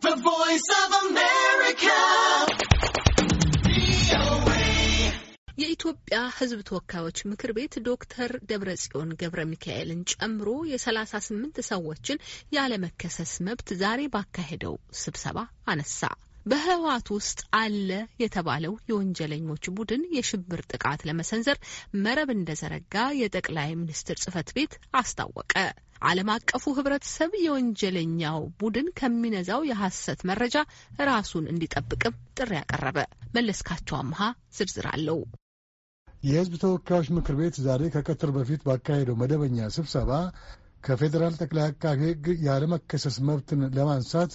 The Voice of America. የኢትዮጵያ ሕዝብ ተወካዮች ምክር ቤት ዶክተር ደብረጽዮን ገብረ ሚካኤልን ጨምሮ የ ስምንት ሰዎችን ያለመከሰስ መብት ዛሬ ባካሄደው ስብሰባ አነሳ። በህወሓት ውስጥ አለ የተባለው የወንጀለኞች ቡድን የሽብር ጥቃት ለመሰንዘር መረብ እንደዘረጋ የጠቅላይ ሚኒስትር ጽህፈት ቤት አስታወቀ። ዓለም አቀፉ ህብረተሰብ የወንጀለኛው ቡድን ከሚነዛው የሐሰት መረጃ ራሱን እንዲጠብቅም ጥሪ ያቀረበ። መለስካቸው አምሃ ዝርዝር አለው። የህዝብ ተወካዮች ምክር ቤት ዛሬ ከቀትር በፊት ባካሄደው መደበኛ ስብሰባ ከፌዴራል ጠቅላይ አቃቤ ህግ ያለመከሰስ መብትን ለማንሳት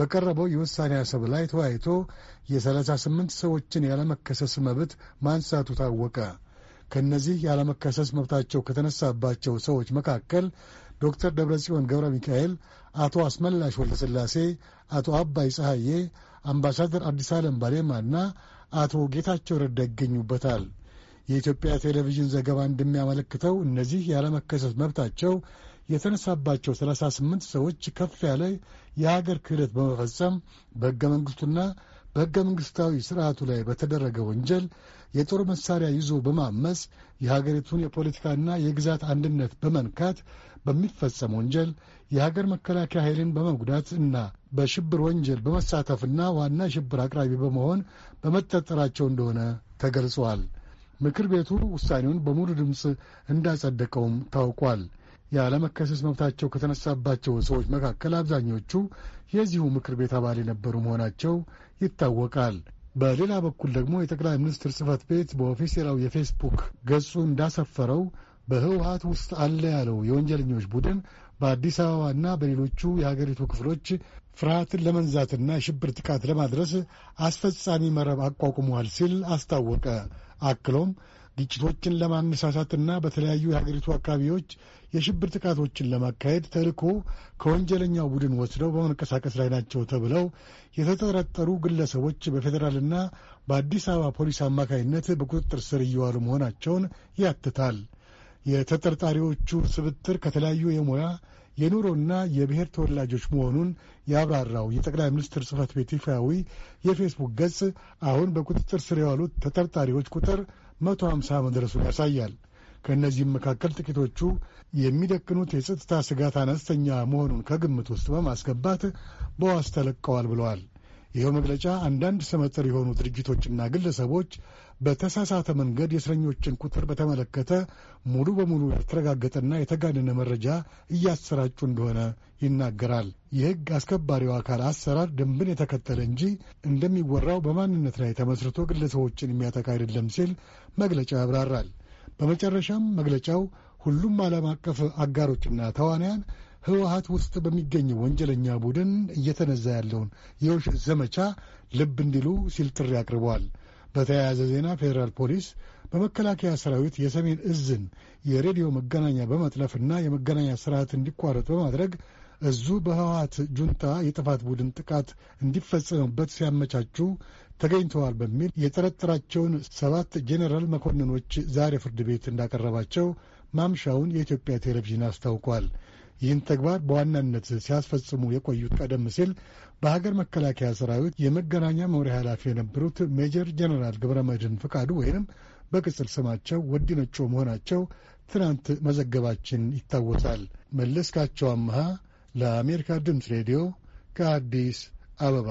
በቀረበው የውሳኔ ሀሳብ ላይ ተወያይቶ የ38 ሰዎችን ያለመከሰስ መብት ማንሳቱ ታወቀ። ከእነዚህ ያለመከሰስ መብታቸው ከተነሳባቸው ሰዎች መካከል ዶክተር ደብረጽዮን ገብረ ሚካኤል፣ አቶ አስመላሽ ወልደስላሴ፣ አቶ አባይ ፀሐዬ፣ አምባሳደር አዲስ አለም ባሌማና አቶ ጌታቸው ረዳ ይገኙበታል። የኢትዮጵያ ቴሌቪዥን ዘገባ እንደሚያመለክተው እነዚህ ያለመከሰስ መብታቸው የተነሳባቸው 38 ሰዎች ከፍ ያለ የሀገር ክህደት በመፈጸም በሕገ መንግሥቱና በሕገ መንግሥታዊ ሥርዓቱ ላይ በተደረገ ወንጀል የጦር መሣሪያ ይዞ በማመፅ የሀገሪቱን የፖለቲካና የግዛት አንድነት በመንካት በሚፈጸም ወንጀል የሀገር መከላከያ ኃይልን በመጉዳት እና በሽብር ወንጀል በመሳተፍና ዋና ሽብር አቅራቢ በመሆን በመጠጠራቸው እንደሆነ ተገልጿል። ምክር ቤቱ ውሳኔውን በሙሉ ድምፅ እንዳጸደቀውም ታውቋል። ያለመከሰስ መብታቸው ከተነሳባቸው ሰዎች መካከል አብዛኞቹ የዚሁ ምክር ቤት አባል የነበሩ መሆናቸው ይታወቃል። በሌላ በኩል ደግሞ የጠቅላይ ሚኒስትር ጽህፈት ቤት በኦፊሴላዊ የፌስቡክ ገጹ እንዳሰፈረው በህወሀት ውስጥ አለ ያለው የወንጀለኞች ቡድን በአዲስ አበባና በሌሎቹ የሀገሪቱ ክፍሎች ፍርሃትን ለመንዛትና የሽብር ጥቃት ለማድረስ አስፈጻሚ መረብ አቋቁመዋል ሲል አስታወቀ። አክሎም ግጭቶችን ለማነሳሳትና በተለያዩ የሀገሪቱ አካባቢዎች የሽብር ጥቃቶችን ለማካሄድ ተልዕኮ ከወንጀለኛው ቡድን ወስደው በመንቀሳቀስ ላይ ናቸው ተብለው የተጠረጠሩ ግለሰቦች በፌዴራልና በአዲስ አበባ ፖሊስ አማካኝነት በቁጥጥር ስር እየዋሉ መሆናቸውን ያትታል። የተጠርጣሪዎቹ ስብጥር ከተለያዩ የሙያ የኑሮና የብሔር ተወላጆች መሆኑን ያብራራው የጠቅላይ ሚኒስትር ጽህፈት ቤት ይፋዊ የፌስቡክ ገጽ አሁን በቁጥጥር ስር የዋሉት ተጠርጣሪዎች ቁጥር መቶ ሀምሳ መድረሱን ያሳያል። ከእነዚህም መካከል ጥቂቶቹ የሚደቅኑት የጸጥታ ስጋት አነስተኛ መሆኑን ከግምት ውስጥ በማስገባት በዋስ ተለቀዋል ብለዋል። ይኸው መግለጫ አንዳንድ ስመጥር የሆኑ ድርጅቶችና ግለሰቦች በተሳሳተ መንገድ የእስረኞችን ቁጥር በተመለከተ ሙሉ በሙሉ ያልተረጋገጠና የተጋነነ መረጃ እያሰራጩ እንደሆነ ይናገራል። የሕግ አስከባሪው አካል አሰራር ደንብን የተከተለ እንጂ እንደሚወራው በማንነት ላይ ተመስርቶ ግለሰቦችን የሚያጠቃ አይደለም ሲል መግለጫው ያብራራል። በመጨረሻም መግለጫው ሁሉም ዓለም አቀፍ አጋሮችና ተዋንያን ህወሀት ውስጥ በሚገኘው ወንጀለኛ ቡድን እየተነዛ ያለውን የውሸት ዘመቻ ልብ እንዲሉ ሲል ጥሪ አቅርበዋል። በተያያዘ ዜና ፌዴራል ፖሊስ በመከላከያ ሰራዊት የሰሜን እዝን የሬዲዮ መገናኛ በመጥለፍና የመገናኛ ስርዓት እንዲቋረጥ በማድረግ እዙ በህወሀት ጁንታ የጥፋት ቡድን ጥቃት እንዲፈጸምበት ሲያመቻቹ ተገኝተዋል በሚል የጠረጠራቸውን ሰባት ጄኔራል መኮንኖች ዛሬ ፍርድ ቤት እንዳቀረባቸው ማምሻውን የኢትዮጵያ ቴሌቪዥን አስታውቋል። ይህን ተግባር በዋናነት ሲያስፈጽሙ የቆዩት ቀደም ሲል በሀገር መከላከያ ሰራዊት የመገናኛ መምሪያ ኃላፊ የነበሩት ሜጀር ጀነራል ግብረ መድን ፍቃዱ ወይንም በቅጽል ስማቸው ወዲነጮ መሆናቸው ትናንት መዘገባችን ይታወሳል። መለስካቸው አምሃ ለአሜሪካ ድምፅ ሬዲዮ ከአዲስ አበባ